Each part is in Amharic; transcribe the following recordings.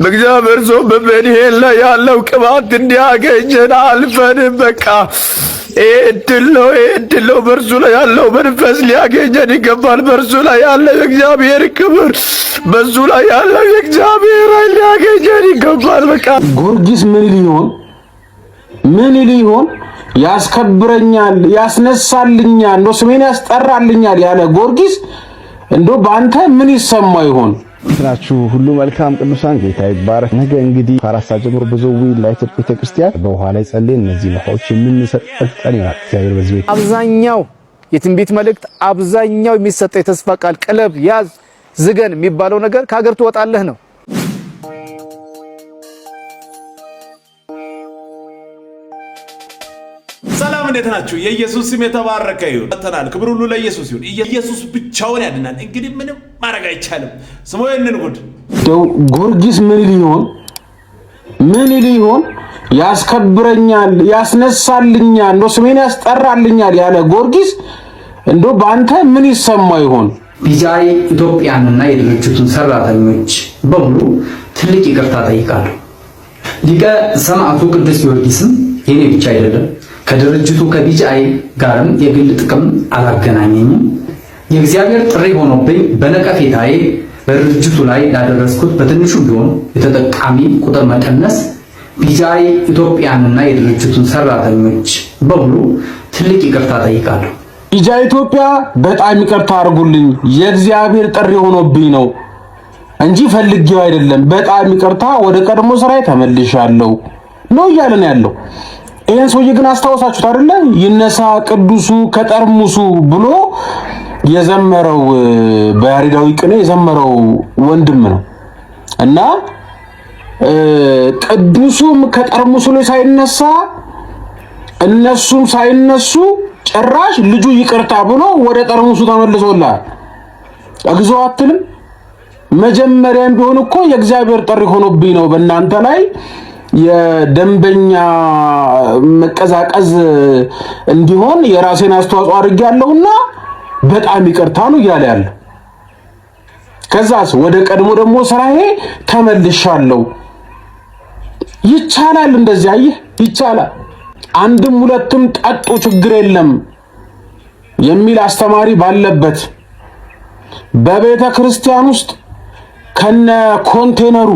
በእግዚአብሔር ሰው በመድሄን ላይ ያለው ቅባት እንዲያገኘን አልፈን በቃ ይሄ እድል በእርሱ ላይ ያለው መንፈስ ሊያገኘን ይገባል። በእርሱ ላይ ያለው የእግዚአብሔር ክብር፣ በእሱ ላይ ያለው የእግዚአብሔር ኃይል ሊያገኘን ይገባል። በቃ ጊዮርጊስ ምን ሊሆን ምን ሊሆን ያስከብረኛል፣ ያስነሳልኛል፣ እንደ ስሜን ያስጠራልኛል ያለ ጊዮርጊስ እንዶ በአንተ ምን ይሰማ ይሆን? ስራችሁ ሁሉ መልካም ቅዱሳን ጌታ ይባረክ። ነገ እንግዲህ ከአራት ሰዓት ጀምሮ በዘዊ ላይትር ቤተክርስቲያን በውሃ ላይ ጸልየን እነዚህ ውሃዎች የምንሰጥበት ቀን ይሆናል። እግዚአብሔር በዚህ ቤት አብዛኛው የትንቢት መልእክት አብዛኛው የሚሰጠው የተስፋ ቃል ቀለብ ያዝ፣ ዝገን የሚባለው ነገር ከሀገር ትወጣለህ ነው እንዴት ናችሁ? የኢየሱስ ስም የተባረከ ይሁን። ተናል ክብር ሁሉ ለኢየሱስ ይሁን። ኢየሱስ ብቻውን ያድናል። እንግዲህ ምንም ማድረግ አይቻልም። ስሙ ይህንን ጉድ ው ጎርጊስ ምን ሊሆን ምን ሊሆን ያስከብረኛል፣ ያስነሳልኛል፣ እንዶ ስሜን ያስጠራልኛል ያለ ጎርጊስ እንዶ በአንተ ምን ይሰማ ይሆን? ቢጃይ ኢትዮጵያንና የድርጅቱን ሰራተኞች በሙሉ ትልቅ ይቅርታ ጠይቃለሁ። ሊቀ ሰማዕቱ ቅዱስ ጊዮርጊስም የኔ ብቻ አይደለም ከድርጅቱ ከቢጂአይ ጋርም የግል ጥቅም አላገናኘኝም። የእግዚአብሔር ጥሪ ሆኖብኝ በነቀፌታዬ በድርጅቱ ላይ ላደረስኩት በትንሹ ቢሆን የተጠቃሚ ቁጥር መቀነስ ቢጂአይ ኢትዮጵያንና የድርጅቱን ሰራተኞች በሙሉ ትልቅ ይቅርታ ጠይቃለሁ። ቢጃ ኢትዮጵያ በጣም ይቅርታ አድርጉልኝ፣ የእግዚአብሔር ጥሪ ሆኖብኝ ነው እንጂ ፈልጌው አይደለም። በጣም ይቅርታ፣ ወደ ቀድሞ ስራዬ ተመልሻለሁ ነው እያለን ያለው ይህን ሰውዬ ግን አስታወሳችሁት አይደለ? ይነሳ ቅዱሱ ከጠርሙሱ ብሎ የዘመረው በያሬዳዊ ቅኔ የዘመረው ወንድም ነው እና ቅዱሱም ከጠርሙሱ ላይ ሳይነሳ እነሱም ሳይነሱ ጭራሽ ልጁ ይቅርታ ብሎ ወደ ጠርሙሱ ተመልሶላል። እግዚኦ አትልም። መጀመሪያም ቢሆን እኮ የእግዚአብሔር ጥሪ ሆኖብኝ ነው በእናንተ ላይ የደንበኛ መቀዛቀዝ እንዲሆን የራሴን አስተዋጽኦ ያለውና በጣም ይቅርታ ነው እያለ ያለ። ከዛስ ወደ ቀድሞ ደግሞ ስራዬ ተመልሻለሁ። ይቻላል፣ እንደዚህ አየህ፣ ይቻላል። አንድም ሁለትም ጠጡ ችግር የለም የሚል አስተማሪ ባለበት በቤተ ክርስቲያን ውስጥ ከነ ኮንቴነሩ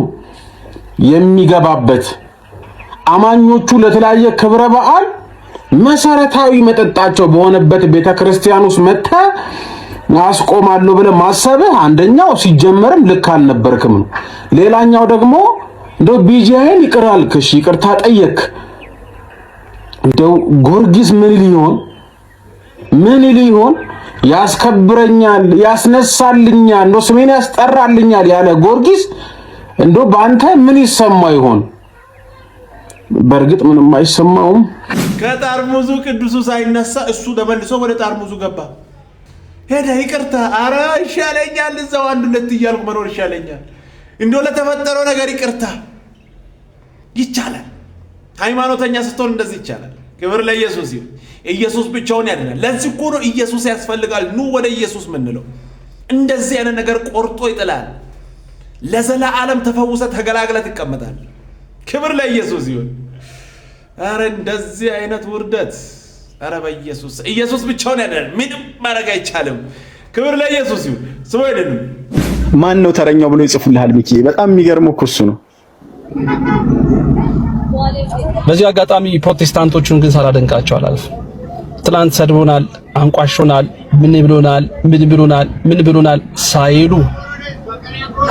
የሚገባበት አማኞቹ ለተለያየ ክብረ በዓል መሰረታዊ መጠጣቸው በሆነበት ቤተ ክርስቲያን ውስጥ መተ አስቆማለሁ ብለህ ማሰብህ አንደኛው ሲጀመርም ልክ አልነበርክም ነው። ሌላኛው ደግሞ እንደው ቢጂአይን ይቅር አልክሽ፣ ይቅርታ ጠየክ። እንደው ጎርጊስ ምን ሊሆን ምን ሊሆን ያስከብረኛል፣ ያስነሳልኛል፣ እንደው ስሜን ያስጠራልኛል ያለ ጎርጊስ እንደው በአንተ ምን ይሰማ ይሆን? በእርግጥ ምንም አይሰማውም። ከጠርሙዙ ቅዱሱ ሳይነሳ እሱ ተመልሶ ወደ ጠርሙዙ ገባ። ሄደ። ይቅርታ፣ አረ ይሻለኛል፣ እዛው አንድ ሁለት እያልኩ መኖር ይሻለኛል። እንደው ለተፈጠረው ነገር ይቅርታ። ይቻላል። ሃይማኖተኛ ስትሆን እንደዚህ ይቻላል። ክብር ለኢየሱስ ይሁን። ኢየሱስ ብቻውን ያድናል። ለዚህ እኮ ነው ኢየሱስ ያስፈልጋል። ኑ ወደ ኢየሱስ ምንለው። እንደዚህ አይነት ነገር ቆርጦ ይጥላል። ለዘላ ዓለም ተፈውሰ ተገላግለ ትቀመጣል። ክብር ለኢየሱስ ይሁን። ኧረ እንደዚህ አይነት ውርደት! ኧረ በኢየሱስ ኢየሱስ ብቻውን ያዳል። ምንም ማድረግ አይቻልም። ክብር ለኢየሱስ ይሁን። ስሙ አይደለም ማን ነው ተረኛው ብሎ ይጽፉልሃል። ሚኪ በጣም የሚገርመው እኮ እሱ ነው። በዚህ አጋጣሚ ፕሮቴስታንቶቹን ግን ሳላደንቃቸው አላልፍም። ትላንት ሰድቦናል፣ አንቋሾናል፣ ምን ብሎናል፣ ምን ብሎናል፣ ምን ብሎናል ሳይሉ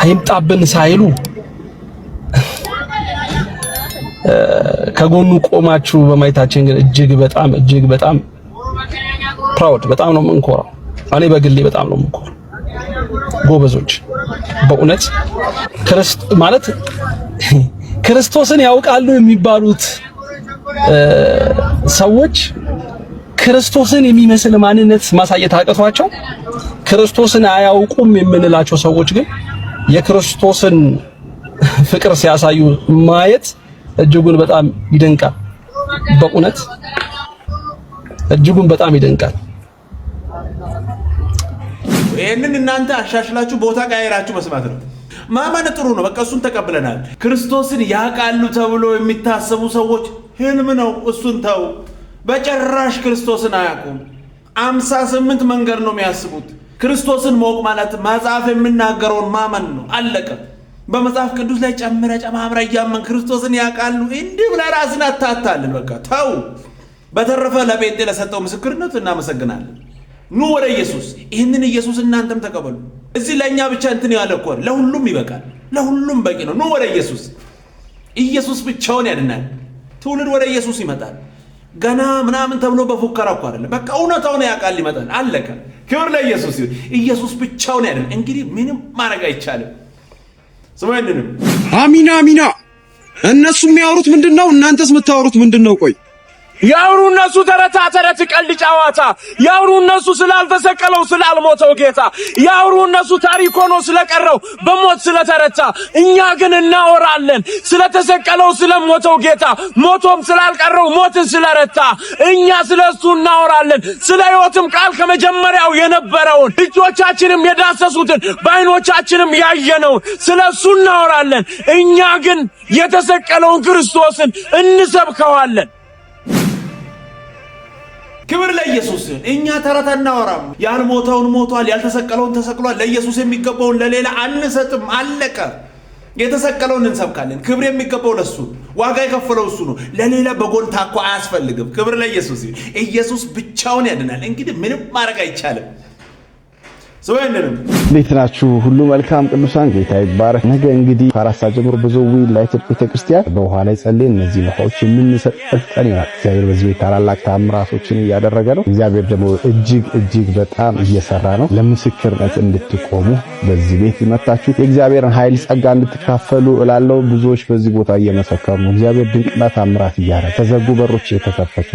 አይምጣብን ሳይሉ ከጎኑ ቆማችሁ በማየታችን ግን እጅግ በጣም እጅግ በጣም ፕራውድ በጣም ነው የምንኮራው። እኔ በግሌ በጣም ነው የምንኮራው። ጎበዞች በእውነት ክርስት ማለት ክርስቶስን ያውቃሉ የሚባሉት ሰዎች ክርስቶስን የሚመስል ማንነት ማሳየት አቅቷቸው ክርስቶስን አያውቁም የምንላቸው ሰዎች ግን የክርስቶስን ፍቅር ሲያሳዩ ማየት እጅጉን በጣም ይደንቃል። በእውነት እጅጉን በጣም ይደንቃል። ይህንን እናንተ አሻሽላችሁ ቦታ ቀያይራችሁ መስማት ነው። ማመን ጥሩ ነው። በቃ እሱን ተቀብለናል። ክርስቶስን ያውቃሉ ተብሎ የሚታሰቡ ሰዎች ህልም ነው። እሱን ተው። በጭራሽ ክርስቶስን አያውቁም። አምሳ ስምንት መንገድ ነው የሚያስቡት። ክርስቶስን ማወቅ ማለት መጽሐፍ የሚናገረውን ማመን ነው። አለቀ። በመጽሐፍ ቅዱስ ላይ ጨምረ ጨማምረ እያመን ክርስቶስን ያውቃሉ። እንዲህ ብለህ ራስን አታታልን። በቃ ተው። በተረፈ ለጴንጤ ለሰጠው ምስክርነት እናመሰግናለን። ኑ ወደ ኢየሱስ። ይህንን ኢየሱስ እናንተም ተቀበሉ። እዚህ ለእኛ ብቻ እንትን ያለ እኮ ለሁሉም ይበቃል። ለሁሉም በቂ ነው። ኑ ወደ ኢየሱስ። ኢየሱስ ብቻውን ያድናል። ትውልድ ወደ ኢየሱስ ይመጣል። ገና ምናምን ተብሎ በፉከራ እኮ አይደለም። በቃ እውነታውን ያውቃል ይመጣል። አለቀ። ክብር ለኢየሱስ ይሁን። ኢየሱስ ብቻውን ያድናል። እንግዲህ ምንም ማድረግ አይቻልም። አሚና አሚና። እነሱ የሚያወሩት ምንድን ነው? እናንተስ የምታወሩት ምንድን ነው? ቆይ ያውሩ እነሱ ተረታተ የሐሰት ቀልድ ጨዋታ ያውሩ እነሱ ስላልተሰቀለው ስላልሞተው ጌታ ያውሩ እነሱ ታሪክ ሆኖ ስለቀረው በሞት ስለተረታ፣ እኛ ግን እናወራለን ስለተሰቀለው ስለሞተው ጌታ ሞቶም ስላልቀረው ሞትን ስለረታ፣ እኛ ስለሱ እናወራለን። ስለ ሕይወትም ቃል ከመጀመሪያው የነበረውን እጆቻችንም የዳሰሱትን በዓይኖቻችንም ያየነውን ስለሱ እናወራለን። እኛ ግን የተሰቀለውን ክርስቶስን እንሰብከዋለን። ክብር ለኢየሱስ ይሁን። እኛ ተረት አናወራም። ያልሞተውን ሞቷል፣ ያልተሰቀለውን ተሰቅሏል። ለኢየሱስ የሚገባውን ለሌላ አንሰጥም። አለቀ። የተሰቀለውን እንሰብካለን። ክብር የሚገባው ለሱ ዋጋ የከፈለው እሱ ነው። ለሌላ በጎን ታኮ አያስፈልግም። ክብር ለኢየሱስ ይሁን። ኢየሱስ ብቻውን ያድናል። እንግዲህ ምንም ማድረግ አይቻልም። እንዴት ናችሁ? ሁሉ መልካም ቅዱሳን፣ ጌታ ይባረክ። ነገ እንግዲህ ከአራት ሰዓት ጀምሮ በዘዊ ላይትድ ቤተክርስቲያን በውሃ ላይ ጸልየን እነዚህ ውሃዎች የምንሰጥበት ቀን ይሆናል። እግዚአብሔር በዚህ ቤት ታላላቅ ታምራቶችን እያደረገ ነው። እግዚአብሔር ደግሞ እጅግ እጅግ በጣም እየሰራ ነው። ለምስክርነት እንድትቆሙ በዚህ ቤት መታችሁ የእግዚአብሔርን ኃይል ጸጋ እንድትካፈሉ እላለው። ብዙዎች በዚህ ቦታ እየመሰከሩ ነው። እግዚአብሔር ድንቅና ታምራት እያረ ተዘጉ በሮች የተከፈቱ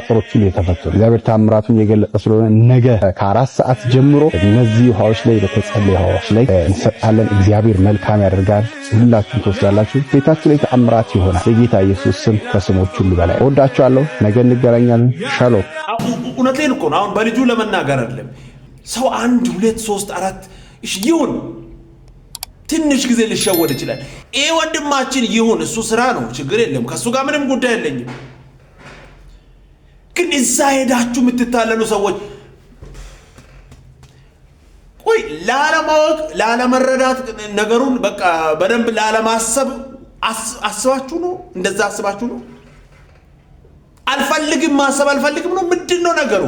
አጥሮቹን የተፈቱ እግዚአብሔር ታምራቱን የገለጠ ስለሆነ ነገ ከአራት ሰዓት ጀምሮ እነዚህ ውሃዎች ላይ በተጸለዩ ውሃዎች ላይ እንሰጣለን። እግዚአብሔር መልካም ያደርጋል። ሁላችሁም ትወስዳላችሁ። ቤታችሁ ላይ ተአምራት ይሆናል። የጌታ ኢየሱስ ስም ከስሞች ሁሉ በላይ ወዳችኋለሁ። ነገ እንገናኛለን። ሻሎም። እውነቴን እኮ ነው። አሁን በልጁ ለመናገር አይደለም። ሰው አንድ ሁለት ሶስት አራት ይሁን ትንሽ ጊዜ ሊሸወድ ይችላል። ይህ ወንድማችን ይሁን እሱ ስራ ነው፣ ችግር የለም ከእሱ ጋር ምንም ጉዳይ የለኝም። ግን እዛ ሄዳችሁ የምትታለሉ ሰዎች ወይ ላለማወቅ ላለመረዳት ነገሩን በቃ በደንብ ላለማሰብ አስባችሁ ነው? እንደዛ አስባችሁ ነው? አልፈልግም ማሰብ አልፈልግም ነው? ምንድን ነው ነገሩ?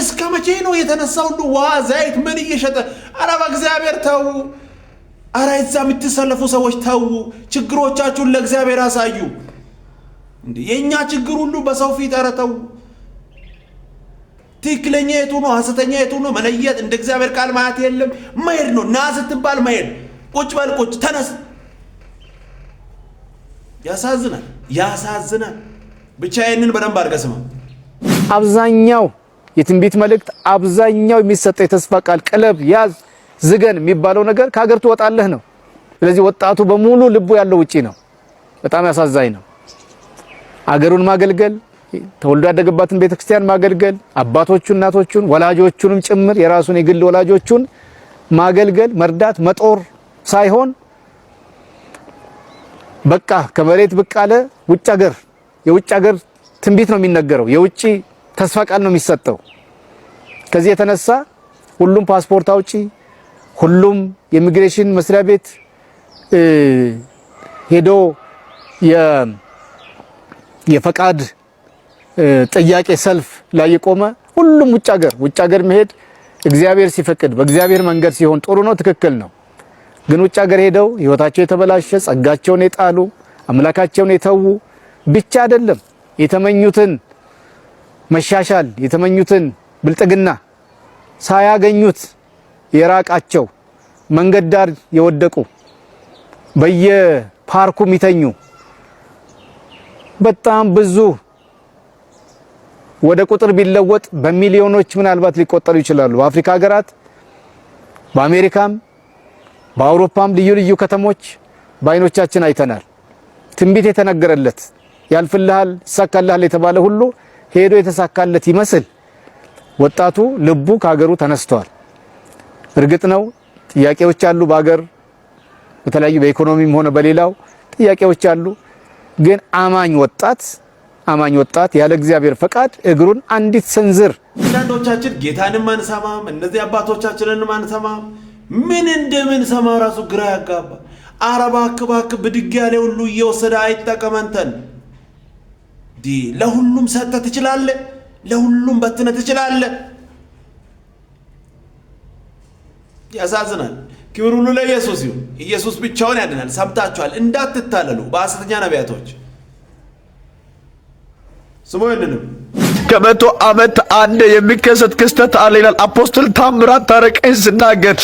እስከ መቼ ነው የተነሳ ሁሉ ውሃ፣ ዘይት ምን እየሸጠ አረ በእግዚአብሔር ተዉ። አረ እዛ የምትሰለፉ ሰዎች ተዉ፣ ችግሮቻችሁን ለእግዚአብሔር አሳዩ። የእኛ ችግር ሁሉ በሰው ፊት አረ ተዉ። ትክክለኛ የቱ ነው፣ ሐሰተኛ የቱ ነው መለየት እንደ እግዚአብሔር ቃል ማየት የለም። መሄድ ነው። ና ስትባል መሄድ፣ ቁጭ በል ቁጭ፣ ተነስ። ያሳዝናል፣ ያሳዝናል። ብቻ ይህንን በደንብ አድርገህ ስማ። አብዛኛው የትንቢት መልእክት አብዛኛው የሚሰጠው የተስፋ ቃል ቀለብ ያዝ ዝገን የሚባለው ነገር ከሀገር ትወጣለህ ነው። ስለዚህ ወጣቱ በሙሉ ልቡ ያለው ውጪ ነው። በጣም ያሳዛኝ ነው። አገሩን ማገልገል ተወልዶ ያደገባትን ቤተክርስቲያን ማገልገል፣ አባቶቹን፣ እናቶቹን፣ ወላጆቹንም ጭምር የራሱን የግል ወላጆቹን ማገልገል፣ መርዳት፣ መጦር ሳይሆን በቃ ከመሬት ብቅ አለ። ውጭ ሀገር የውጭ ሀገር ትንቢት ነው የሚነገረው፣ የውጭ ተስፋ ቃል ነው የሚሰጠው። ከዚህ የተነሳ ሁሉም ፓስፖርት አውጪ፣ ሁሉም የኢሚግሬሽን መስሪያ ቤት ሄዶ የፈቃድ ጥያቄ ሰልፍ ላይ የቆመ ሁሉም ውጭ ሀገር ውጭ ሀገር መሄድ እግዚአብሔር ሲፈቅድ በእግዚአብሔር መንገድ ሲሆን ጥሩ ነው፣ ትክክል ነው። ግን ውጭ ሀገር ሄደው ህይወታቸው የተበላሸ ጸጋቸውን የጣሉ አምላካቸውን የተዉ ብቻ አይደለም የተመኙትን መሻሻል የተመኙትን ብልጥግና ሳያገኙት የራቃቸው መንገድ ዳር የወደቁ በየፓርኩ የሚተኙ በጣም ብዙ ወደ ቁጥር ቢለወጥ በሚሊዮኖች ምናልባት ሊቆጠሩ ይችላሉ። በአፍሪካ ሀገራት፣ በአሜሪካም በአውሮፓም ልዩ ልዩ ከተሞች በአይኖቻችን አይተናል። ትንቢት የተነገረለት ያልፍልሃል፣ ይሳካልሃል የተባለ ሁሉ ሄዶ የተሳካለት ይመስል ወጣቱ ልቡ ከሀገሩ ተነስተዋል። እርግጥ ነው ጥያቄዎች አሉ። በሀገር በተለያዩ በኢኮኖሚም ሆነ በሌላው ጥያቄዎች አሉ። ግን አማኝ ወጣት አማኝ ወጣት ያለ እግዚአብሔር ፈቃድ እግሩን አንዲት ሰንዝር። አንዳንዶቻችን ጌታንም አንሰማም፣ እነዚህ አባቶቻችንንም አንሰማም። ምን እንደምን ሰማ ራሱ ግራ ያጋባ። ኧረ እባክህ እባክህ ብድግ ያለ ሁሉ እየወሰደ አይጠቀመንተን ለሁሉም ሰጥተ ትችላለህ፣ ለሁሉም በትነ ትችላለህ። ያሳዝናል። ክብር ሁሉ ለኢየሱስ ይሁን። ኢየሱስ ብቻውን ያድናል። ሰምታችኋል፣ እንዳትታለሉ በሐሰተኛ ነቢያቶች ስሙ ይንንም ከመቶ ዓመት አንድ የሚከሰት ክስተት አለ ይላል አፖስትል ታምራት ታረቀኝ ስናገር።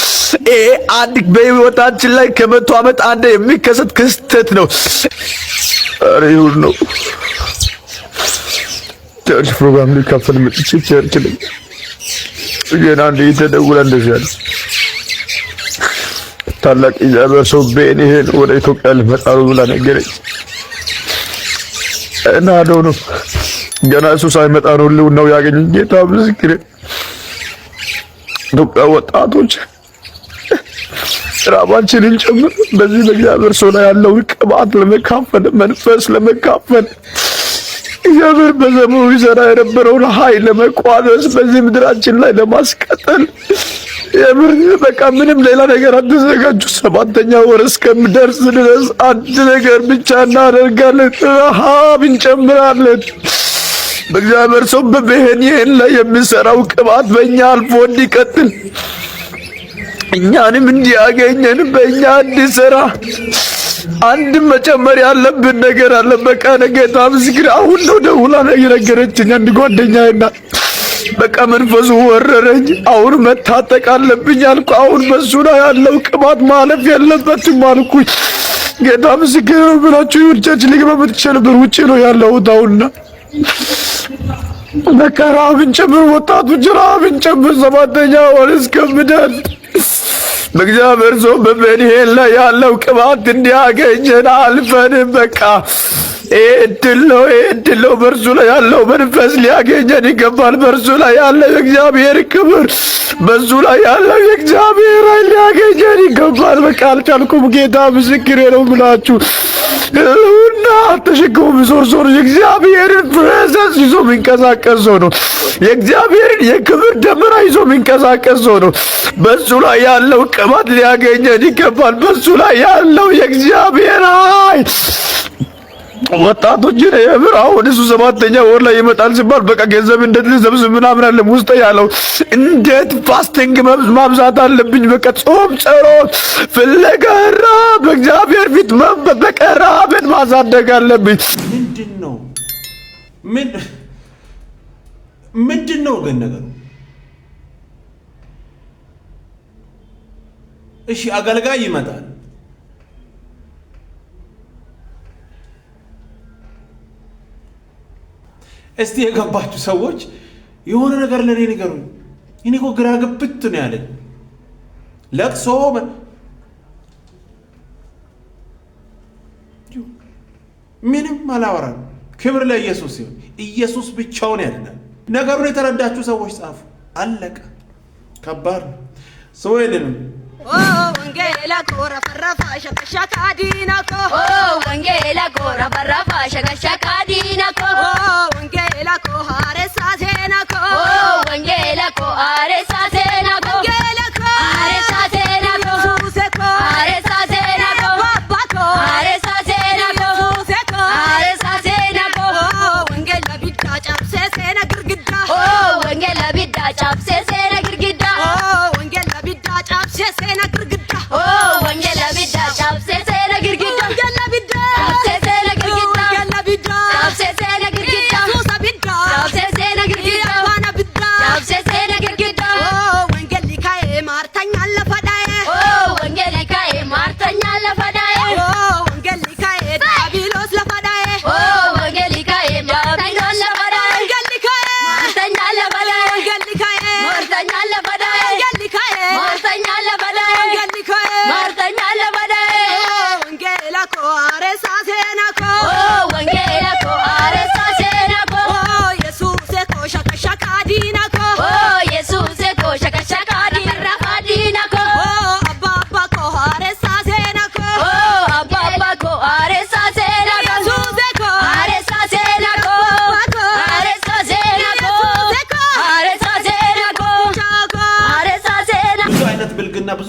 ይሄ አንድ በህይወታችን ላይ ከመቶ ዓመት አንድ የሚከሰት ክስተት ነው። ኧረ ይሁን ነው ቸርች ፕሮግራም ሊካፈል መጥቼ ቸርች ላይ ግን አንድ የተደውላ እንደዚህ አለ ታላቅ እግዚአብሔር ሰው ቤን ይሄን ወደ ኢትዮጵያ ልመጣ ነው ብላ ነገረኝ እና ነው ገና እሱ ሳይመጣ ነው ነው ያገኘኝ። ጌታ ምስክሬ፣ ኢትዮጵያ ወጣቶች ራባችንን ጨምር በዚህ በእግዚአብሔር ሰው ላይ ያለውን ቅባት ለመካፈል መንፈስ ለመካፈል እግዚአብሔር በዘመኑ ይዘራ የነበረውን ኃይል ለመቋደስ በዚህ ምድራችን ላይ ለማስቀጠል የምር በቃ ምንም ሌላ ነገር አትዘጋጁ። ሰባተኛ ወር እስከምደርስ ድረስ አንድ ነገር ብቻ እናደርጋለን፣ ረሃብ እንጨምራለን። በእግዚአብሔር ሰው በብህን ይሄን ላይ የሚሰራው ቅባት በእኛ አልፎ እንዲቀጥል እኛንም እንዲያገኘን በእኛ እንዲሰራ አንድ መጨመር ያለብን ነገር አለ። በቃ ነገታ ምስክር አሁን ነው ደውላ ነው የነገረችኝ አንድ ጓደኛዬና በቃ መንፈሱ ወረረኝ። አሁን መታጠቅ አለብኝ አልኩ። አሁን በሱ ላይ ያለው ቅባት ማለፍ የለበትም አልኩኝ። ጌታ ምስክር ነው ብላችሁ ይውልቻች ሊግ በምትችል ብር ውጭ ነው ያለሁት አሁንና በቃ ረሃብን ጨምር፣ ወጣቶች ረሃብን ጨምር። ሰባተኛ ወር እስከምደርስ በእግዚአብሔር ሰው በመድሄን ላይ ያለው ቅባት እንዲያገኘን አልፈንም። በቃ ኤድለው እድል ነው፣ እድል ነው። በእርሱ ላይ ያለው መንፈስ ሊያገኘን ይገባል። በእርሱ ላይ ያለው የእግዚአብሔር ክብር በዙ ላይ ያለው የእግዚአብሔር ኃይል ሊያገኘን ይገባል። በቃ አልቻልኩም። ጌታ ምስክሬ ነው ብላችሁ እና ተሸክሞ ዞር ዞር የእግዚአብሔርን ፕሬዘንስ ይዞ የሚንቀሳቀስ ሰው ነው። የእግዚአብሔርን የክብር ደመና ይዞ የሚንቀሳቀስ ሰው ነው። በሱ ላይ ያለው ቅባት ሊያገኘን ይገባል። በሱ ላይ ያለው የእግዚአብሔር ኃይል ወጣቶች የምር አሁን እሱ ሰባተኛ ወር ላይ ይመጣል ሲባል በቃ ገንዘብ እንደት ልሰብስብ ምናምን አለ ውስጥ ያለው እንዴት ፋስቲንግ ማብዛት አለብኝ። በቃ ጾም፣ ጸሎት፣ ፍለጋ በእግዚአብሔር ፊት መበበቀ ራብን ማሳደግ አለብኝ። ምንድን ነው ምንድን ነው ግን ነገሩ? እሺ አገልጋይ ይመጣል እስቲ የገባችሁ ሰዎች የሆነ ነገር ለእኔ ንገሩ። እኔ እኮ ግራ ግብት ነው ያለኝ። ለቅሶ ምንም አላወራም። ክብር ለኢየሱስ ሲሆን ኢየሱስ ብቻውን ያድናል። ነገሩን የተረዳችሁ ሰዎች ጻፉ። አለቀ። ከባድ ነው ሰው ወንጌላ ኮረፈረፋ ሸቀሸካ ዲናኮ ወንጌላ ኮረፈረፋ ሸቀሸካ ዲናኮ ወንጌላ ኮ ሀሬሳ ዜናኮ ወንጌላ ኮ ሀሬሳ ዜናኮ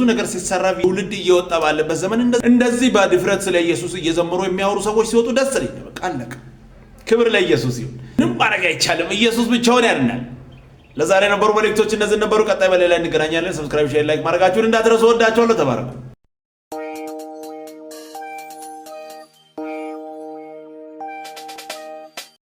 ነገር ሲሰራ ትውልድ እየወጣ ባለበት ዘመን እንደዚህ በድፍረት ስለ ኢየሱስ እየዘመሩ የሚያወሩ ሰዎች ሲወጡ ደስ ይለኛል። በቃ አለቀ። ክብር ለኢየሱስ ይሁን። ምንም ማድረግ አይቻልም። ኢየሱስ ብቻውን ያድናል። ለዛሬ የነበሩ መልእክቶች እነዚህ ነበሩ። ቀጣይ በሌላ እንገናኛለን። ሰብስክራይብ፣ ሼር፣ ላይክ ማድረጋችሁን እንዳትረሱ። ወዳቸዋለሁ። ተባረኩ።